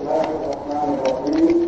الله الرحمن الرحيم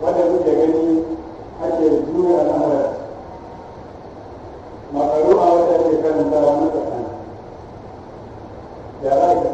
wanda kuke gani ake juya al'amuran makaru a wata ke karanta wani tsakani ya za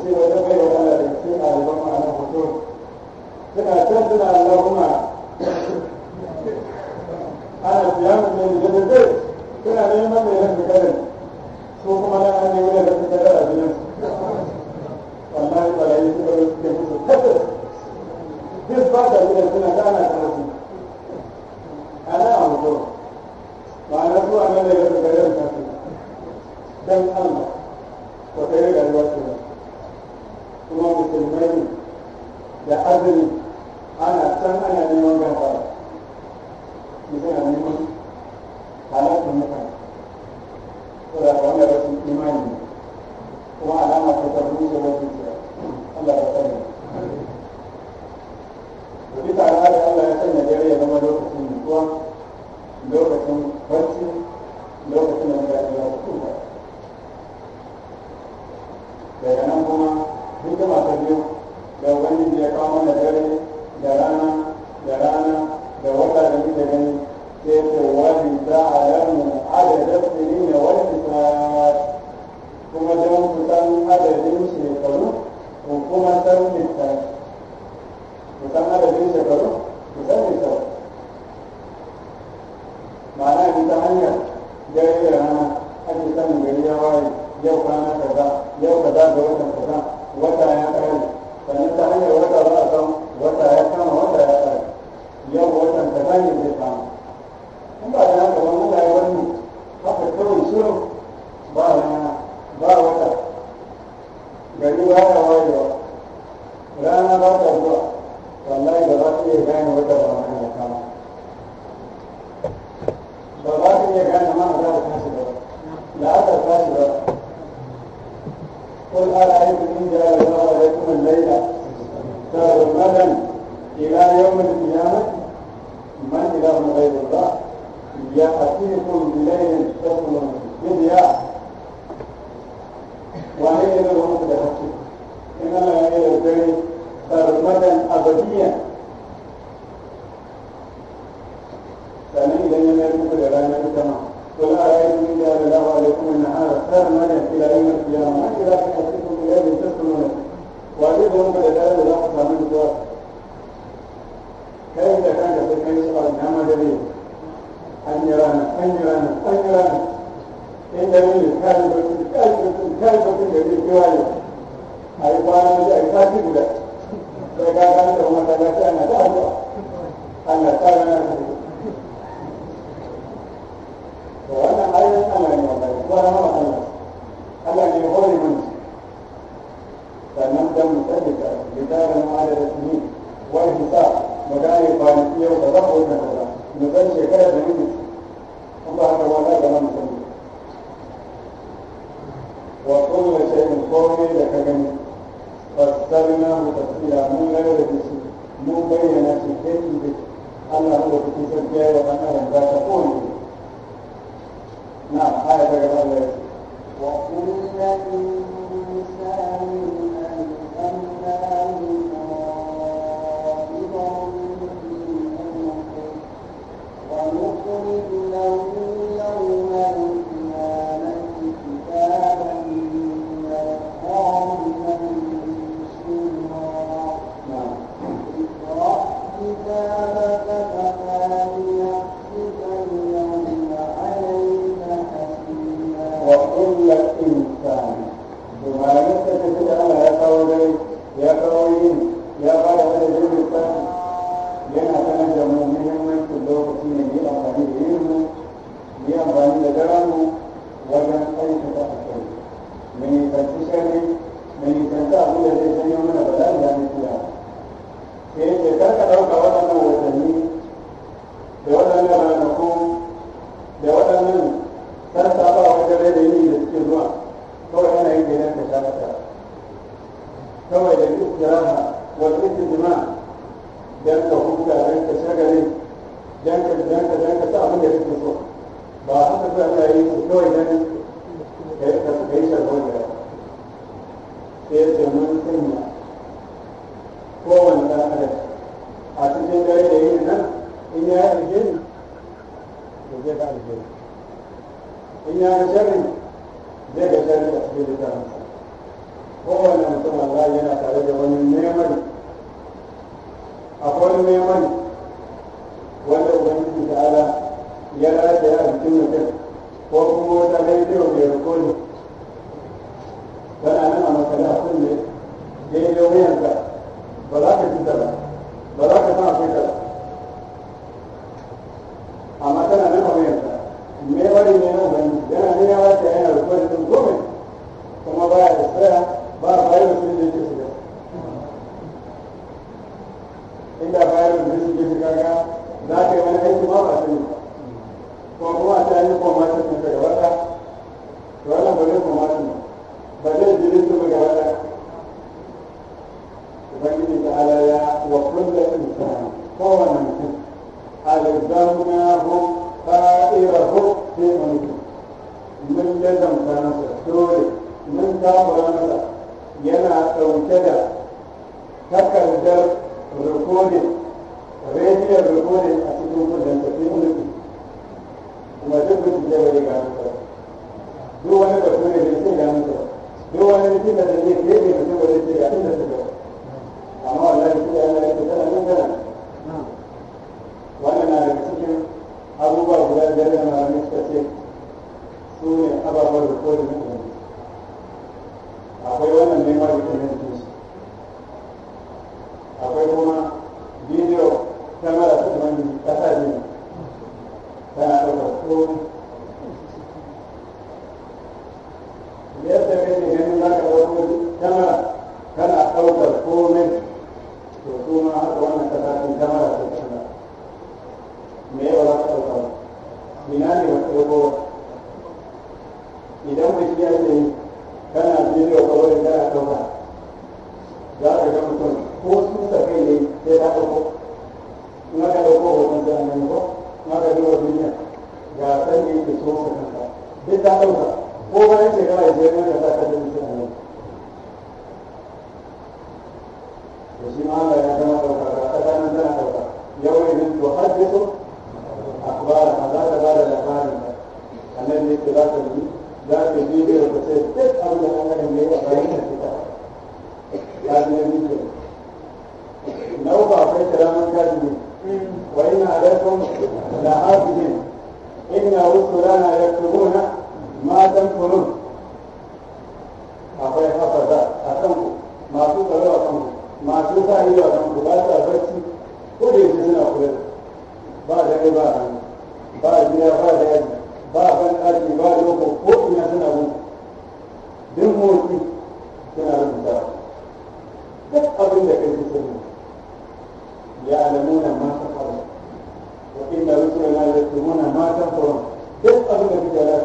ce wata bai Allah da cikin ɗaliban ma'ana fito suna can suna ana ne da zai suna neman mai su kuma na an yi wani da da abinin wallahi barayi suka yi suke musu ba suna ta ana karatu ana a mutu ma'ana nan da ya fitarin kasu مثل ذلك السماء ولا يجب الا بلاغ عليكم ان هذا السر منع الى يوم القيامه ما الى ذلك حسيتم اليه تسلمون واجبهم فلذلك لا تفهم الجواب كيف كان في الحديث قال نعم جليل ان يرانا ان يرانا ان يرانا ان جليل كاذب كاذب كاذب جليل جوالي هاي قال مجاهد كاتب له فقال انت وما تجاهد انا تاهل انا تاهل Gracias.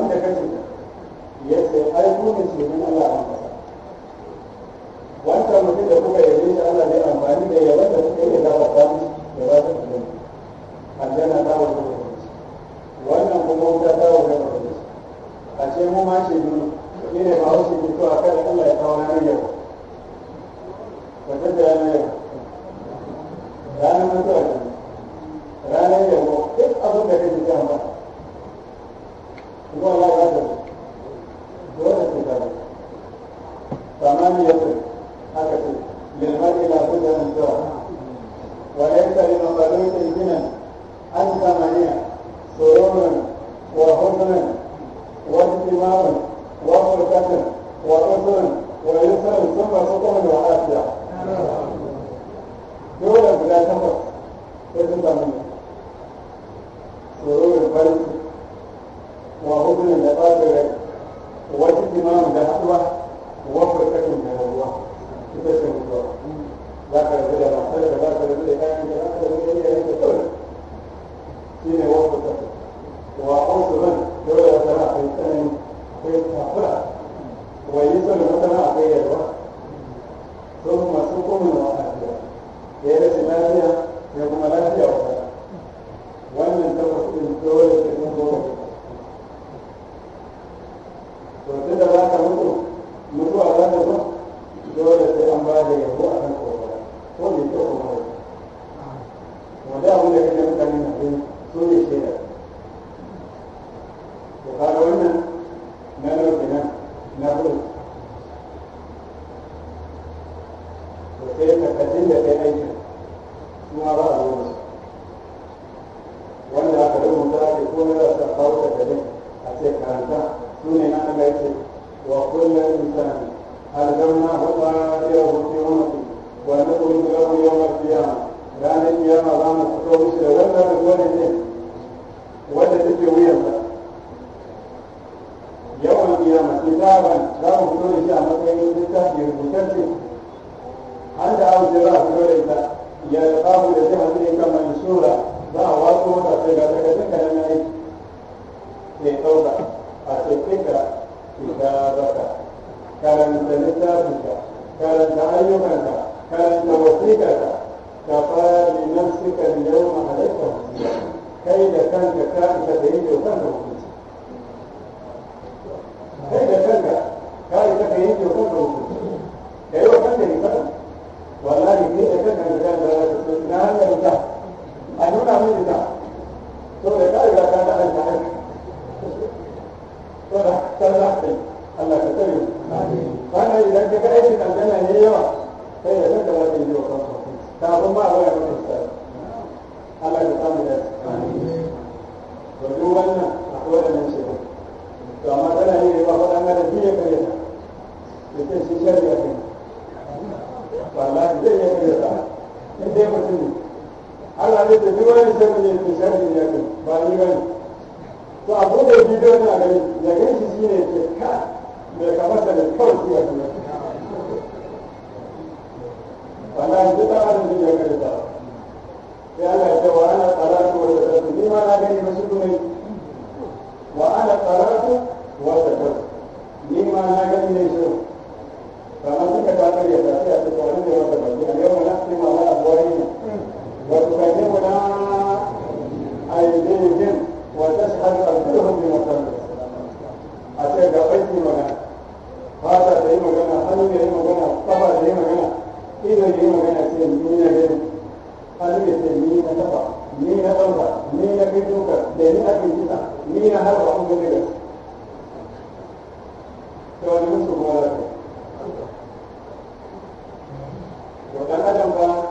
abin da ka cuta ya ce ai ne ce min Allah an kasa wancan mutum da kuka yabe shi Allah ne amfani da yawan da hanga wuta a nuna mai wuta to da kare da kan da an da to da kan da Allah ka tsare kana idan ka ga aikin aljanna ne yawa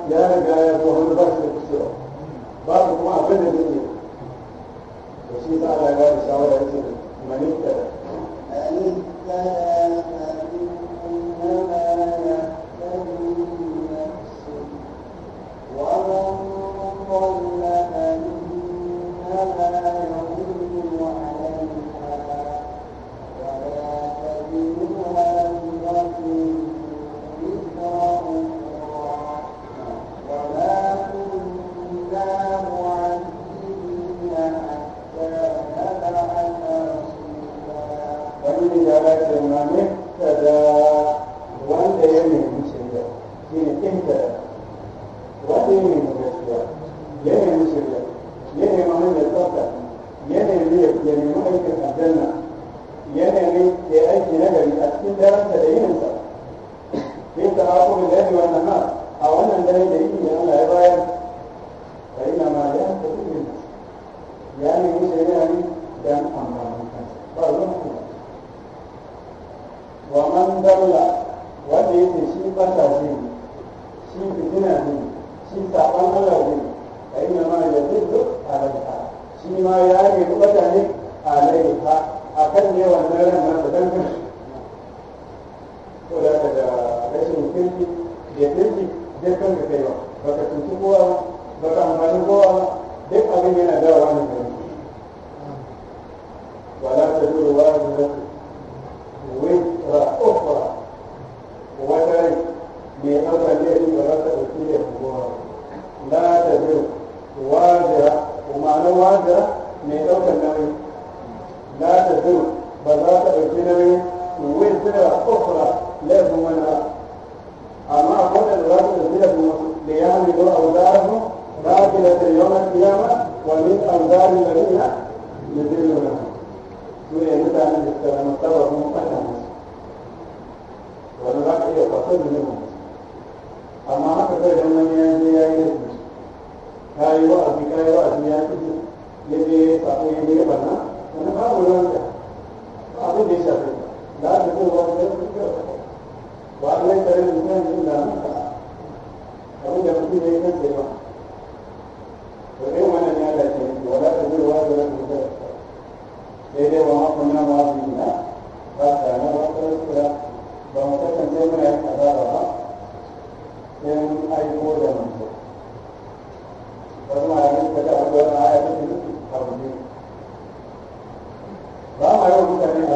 ya riga ya zo hannu da kusurwa babu kuma abin yi Entende? Deixa eu ver aqui, ó. Gracias.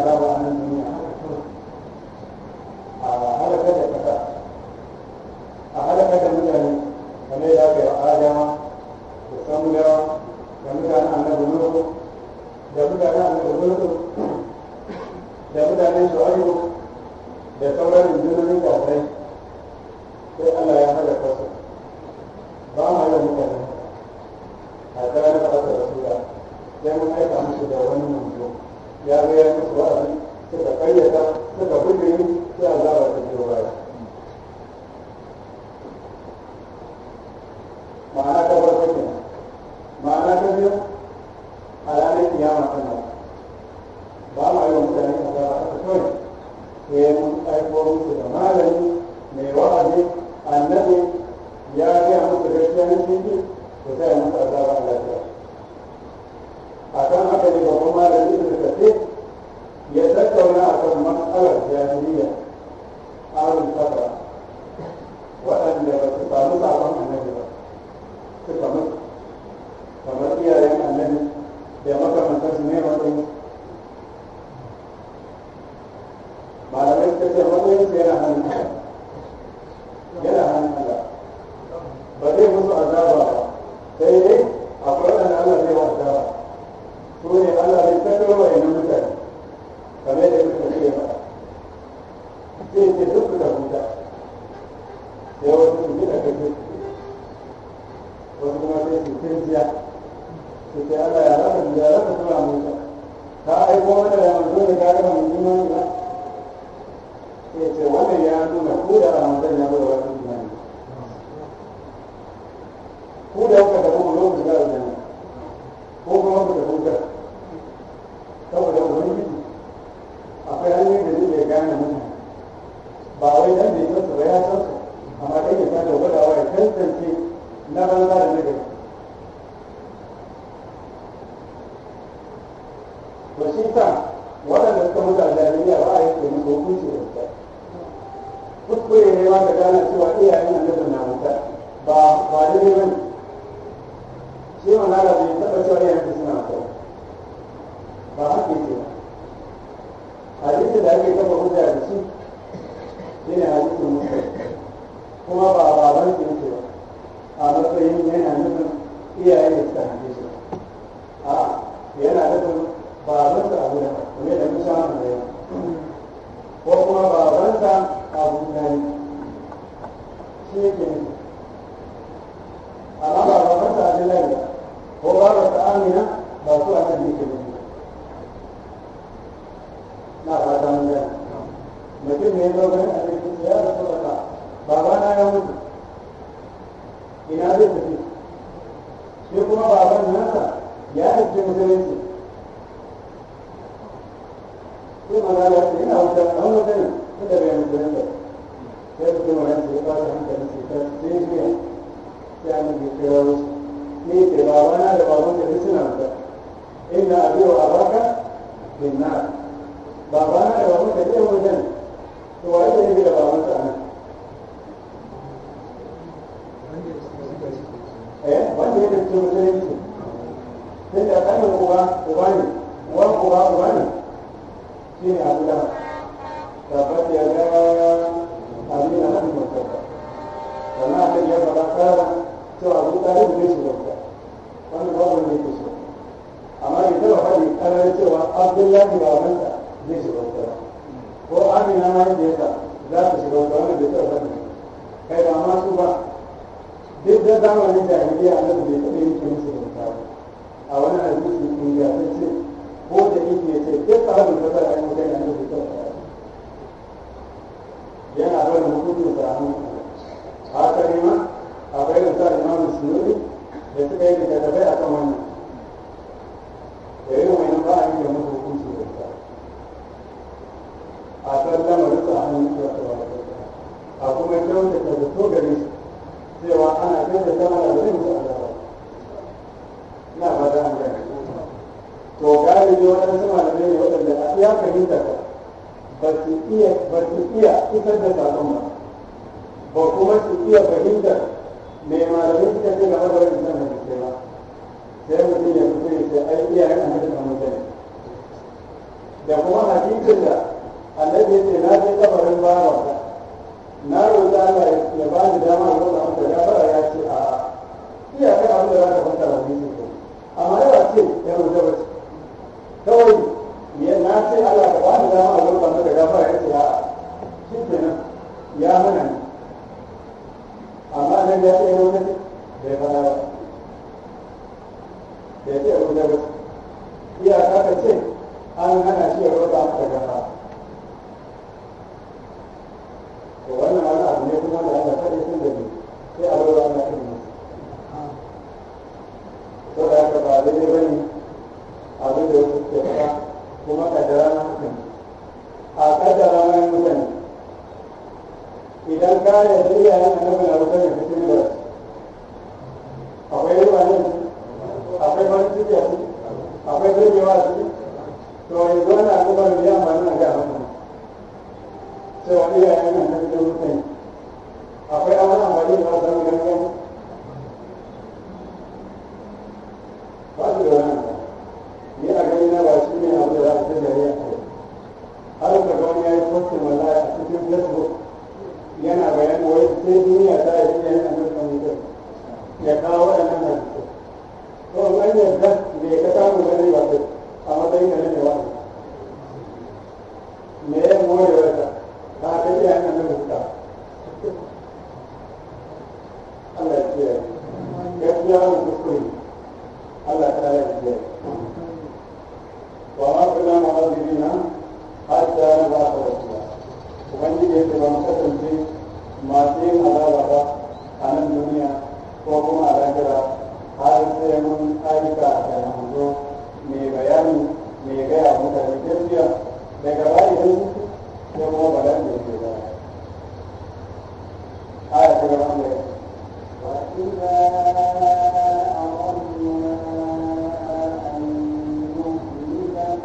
¡Gracias! cada día en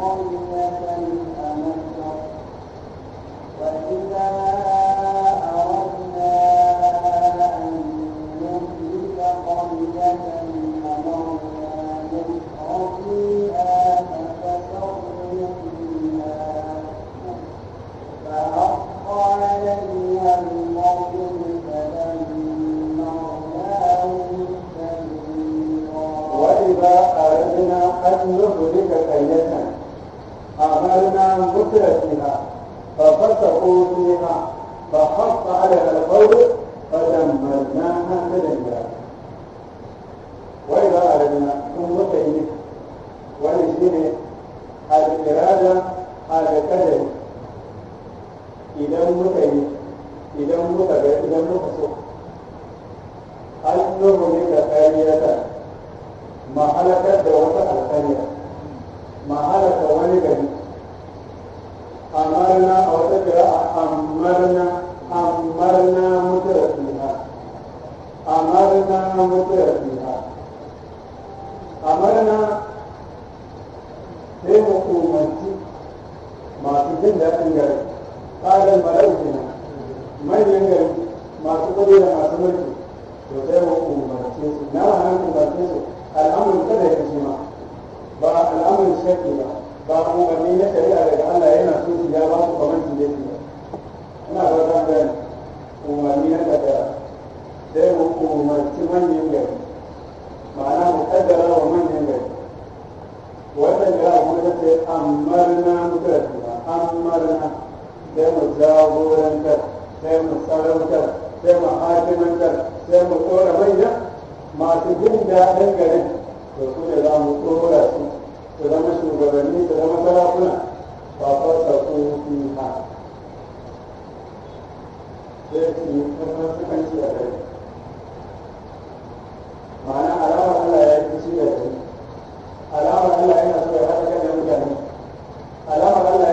Oh yeah. suna ba al'amarin shaƙi ba ba umarni na shari'a daga Allah yana so su ya ba su kamar su yake ba ina ba zan da umarni na ƙaddara sai mu umarci manyan gari ma'ana mu ƙaddara wa manyan gari wannan ya abu da ce amarna mutarfiya amarna sai mu jagorantar sai mu sarautar sai mu hakimantar sai mu tsora manya masu jin daɗin garin da ku da za mu tsora su ku zama shugabanni ku zama sarakuna ba farka ku fi ha sai su yi kuma sukan ci a kai ma'ana alama Allah ya fi ci da su alamar Allah yana so ya haɗa kan mutane alama Allah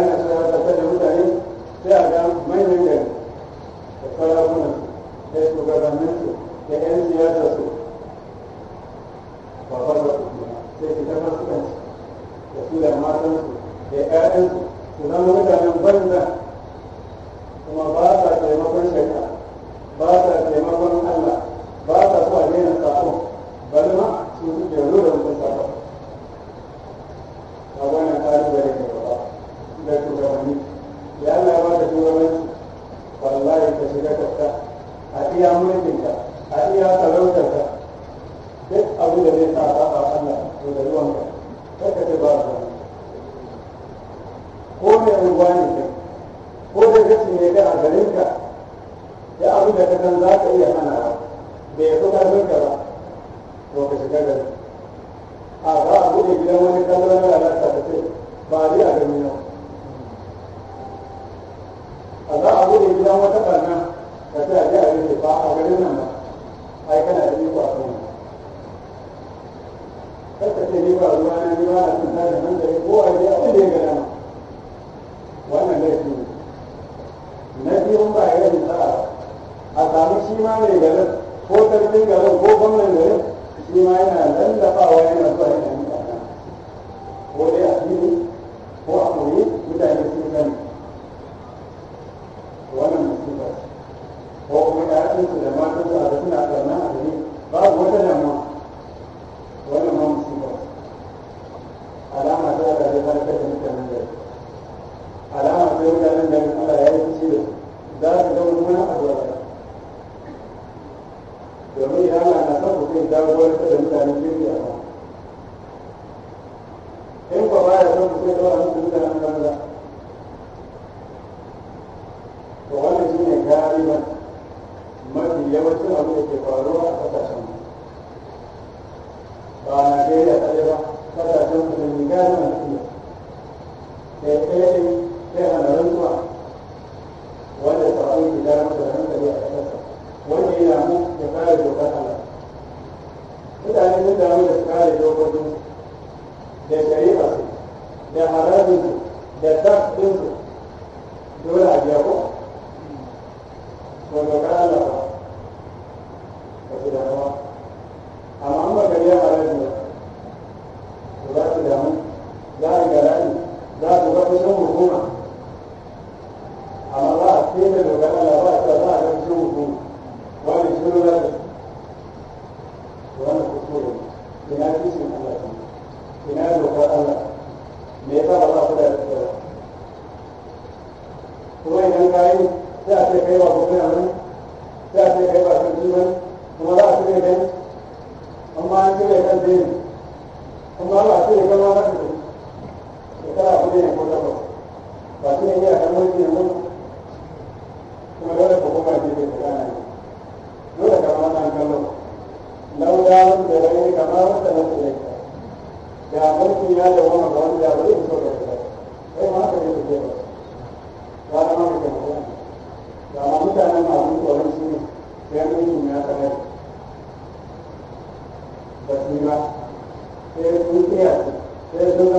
mafi yawancin abu da ke faruwa a kasashen kami berdua, saya berdua,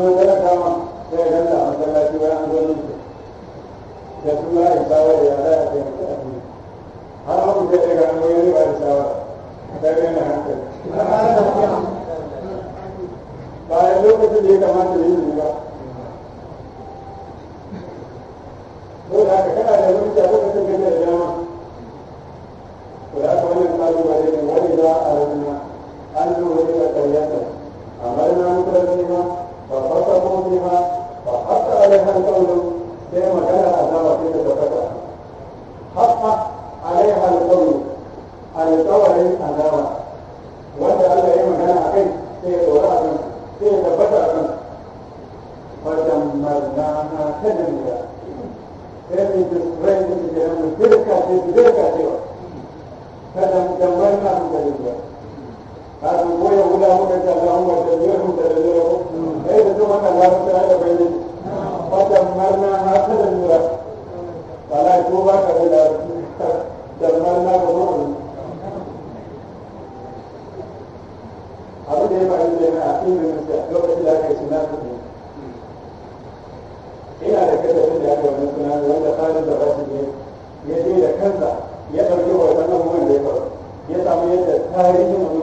lokacin da ya da ne ya da kansa ya ɗauki hoton abubuwan da ya ya samu yadda tarihin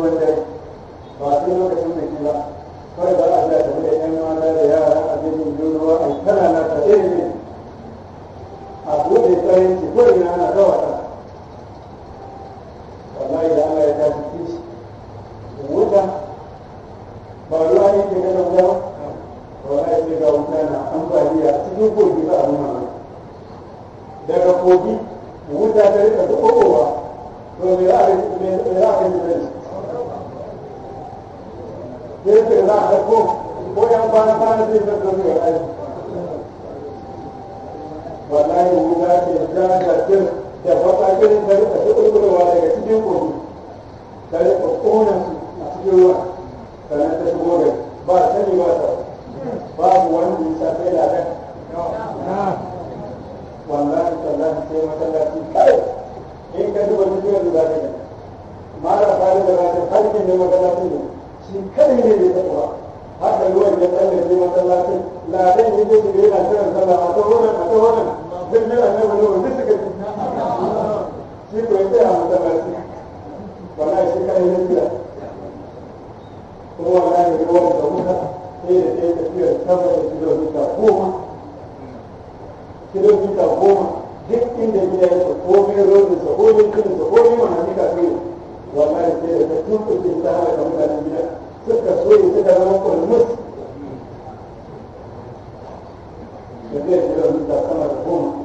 Gracias. irin ta ko neman hannu ka kai wallahi sai da ta tunkuce ta hana ka mutanen gida suka soye suka zama kurmus da zai shiga mutane sama da goma